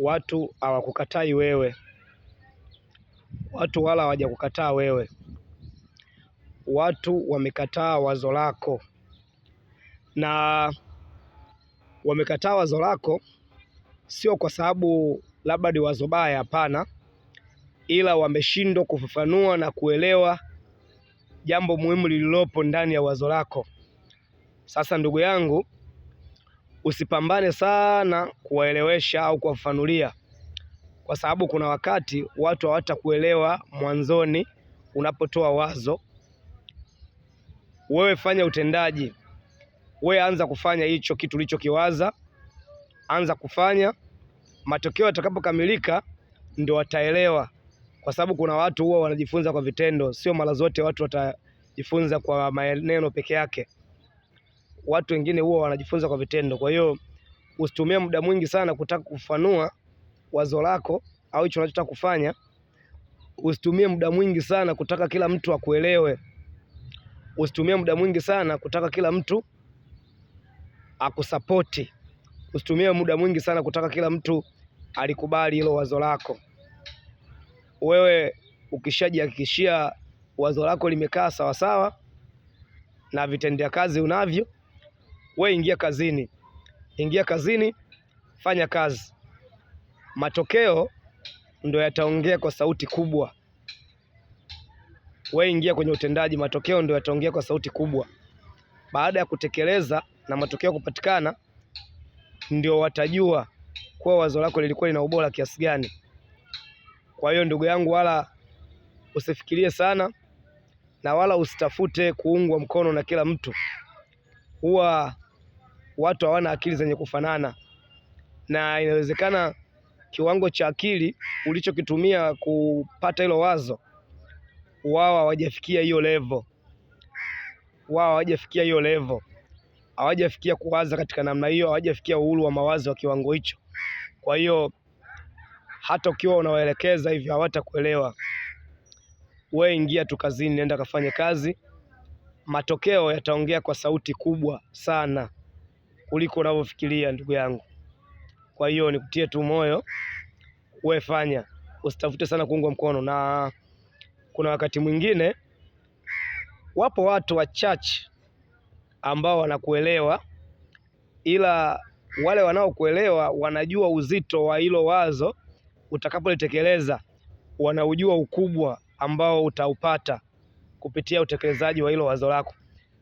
watu hawakukatai wewe, watu wala hawajakukataa wewe, watu wamekataa wazo lako, na wamekataa wazo lako sio kwa sababu labda ni wazo baya, hapana, ila wameshindwa kufafanua na kuelewa jambo muhimu lililopo ndani ya wazo lako. Sasa ndugu yangu usipambane sana kuwaelewesha au kuwafafanulia, kwa sababu kuna wakati watu hawatakuelewa mwanzoni unapotoa wazo. Wewe fanya utendaji, wewe anza kufanya hicho kitu ulichokiwaza, anza kufanya. Matokeo yatakapokamilika ndio wataelewa, kwa sababu kuna watu huwa wanajifunza kwa vitendo, sio mara zote watu watajifunza kwa maneno peke yake watu wengine huwa wanajifunza kwa vitendo. Kwa hiyo usitumie muda mwingi sana kutaka kufanua wazo lako au hicho unachotaka kufanya. Usitumie muda mwingi sana kutaka kila mtu akuelewe. Usitumie muda mwingi sana kutaka kila mtu akusapoti. Usitumie muda mwingi sana kutaka kila mtu alikubali hilo wazo lako. Wewe ukishajihakikishia wazo lako limekaa sawasawa na vitendea kazi unavyo wewe ingia kazini, ingia kazini, fanya kazi. Matokeo ndo yataongea kwa sauti kubwa. Wewe ingia kwenye utendaji, matokeo ndo yataongea kwa sauti kubwa. Baada ya kutekeleza na matokeo kupatikana, ndio watajua kuwa wazo lako lilikuwa lina ubora kiasi gani. Kwa hiyo ndugu yangu, wala usifikirie sana na wala usitafute kuungwa mkono na kila mtu. Huwa watu hawana akili zenye kufanana, na inawezekana kiwango cha akili ulichokitumia kupata hilo wazo, wao hawajafikia hiyo levo, wao hawajafikia hiyo levo hawajafikia kuwaza katika namna hiyo, hawajafikia uhuru wa mawazo wa kiwango hicho. Kwa hiyo hata ukiwa unawaelekeza hivyo hawatakuelewa. We ingia tu kazini, nenda kafanye kazi, matokeo yataongea kwa sauti kubwa sana kuliko unavyofikiria ndugu yangu. Kwa hiyo nikutie tu moyo, wefanya usitafute sana kuungwa mkono. Na kuna wakati mwingine wapo watu wachache ambao wanakuelewa, ila wale wanaokuelewa wanajua uzito wa hilo wazo utakapolitekeleza, wanaujua ukubwa ambao utaupata kupitia utekelezaji wa hilo wazo lako.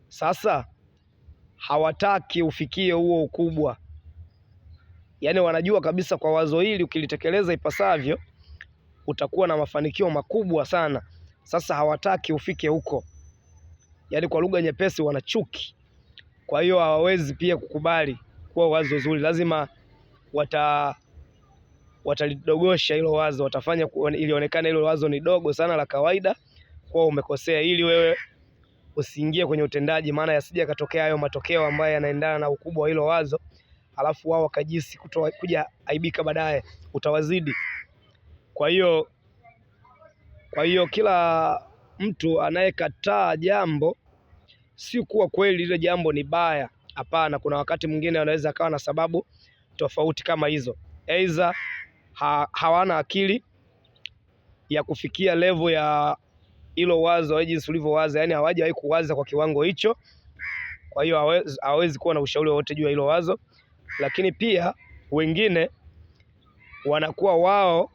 Sasa hawataki ufikie huo ukubwa. Yaani wanajua kabisa kwa wazo hili ukilitekeleza ipasavyo utakuwa na mafanikio makubwa sana. Sasa hawataki ufike huko, yaani kwa lugha nyepesi, wana chuki. Kwa hiyo hawawezi pia kukubali kuwa wazo zuri, lazima wata watalidogosha hilo wazo, watafanya ilionekana hilo wazo ni dogo sana la kawaida, kuwa umekosea, ili wewe usiingie kwenye utendaji, maana yasije yakatokea hayo matokeo ambayo yanaendana na ukubwa wa hilo wazo, alafu wao wakajisi kutoa kuja aibika baadaye, utawazidi. Kwa hiyo kwa hiyo kila mtu anayekataa jambo, si kuwa kweli lile jambo ni baya, hapana. Kuna wakati mwingine anaweza akawa na sababu tofauti kama hizo, aidha ha, hawana akili ya kufikia level ya hilo wazo jinsi ulivyowaza, yani hawajawahi kuwaza kwa kiwango hicho. Kwa hiyo hawezi kuwa na ushauri wowote juu ya hilo wazo, lakini pia wengine wanakuwa wao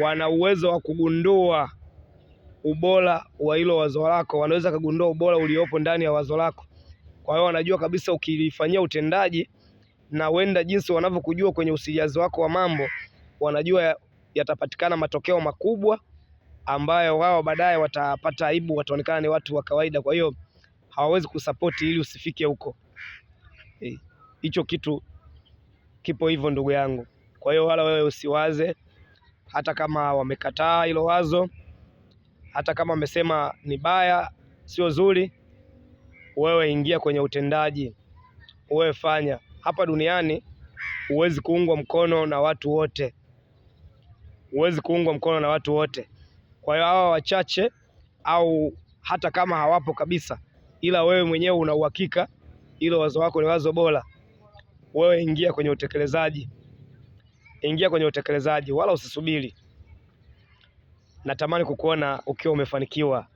wana uwezo wa kugundua ubora wa hilo wazo lako, wanaweza kugundua ubora uliopo ndani ya wazo lako. Kwa hiyo wanajua kabisa ukilifanyia utendaji na wenda jinsi wanavyokujua kwenye usiliazi wako wa mambo, wanajua yatapatikana matokeo makubwa ambayo wao baadaye watapata aibu, wataonekana ni watu wa kawaida, kwa hiyo hawawezi kusapoti ili usifike huko. Eh, hicho e, kitu kipo hivyo ndugu yangu. Kwa hiyo wala wewe usiwaze, hata kama wamekataa hilo wazo, hata kama wamesema ni baya, sio zuri, wewe ingia kwenye utendaji, wewe fanya. Hapa duniani huwezi kuungwa mkono na watu wote, huwezi kuungwa mkono na watu wote. Kwa hiyo hawa wachache au hata kama hawapo kabisa, ila wewe mwenyewe una uhakika ilo wazo wako ni wazo bora, wewe ingia kwenye utekelezaji, ingia kwenye utekelezaji, wala usisubiri. Natamani kukuona ukiwa umefanikiwa.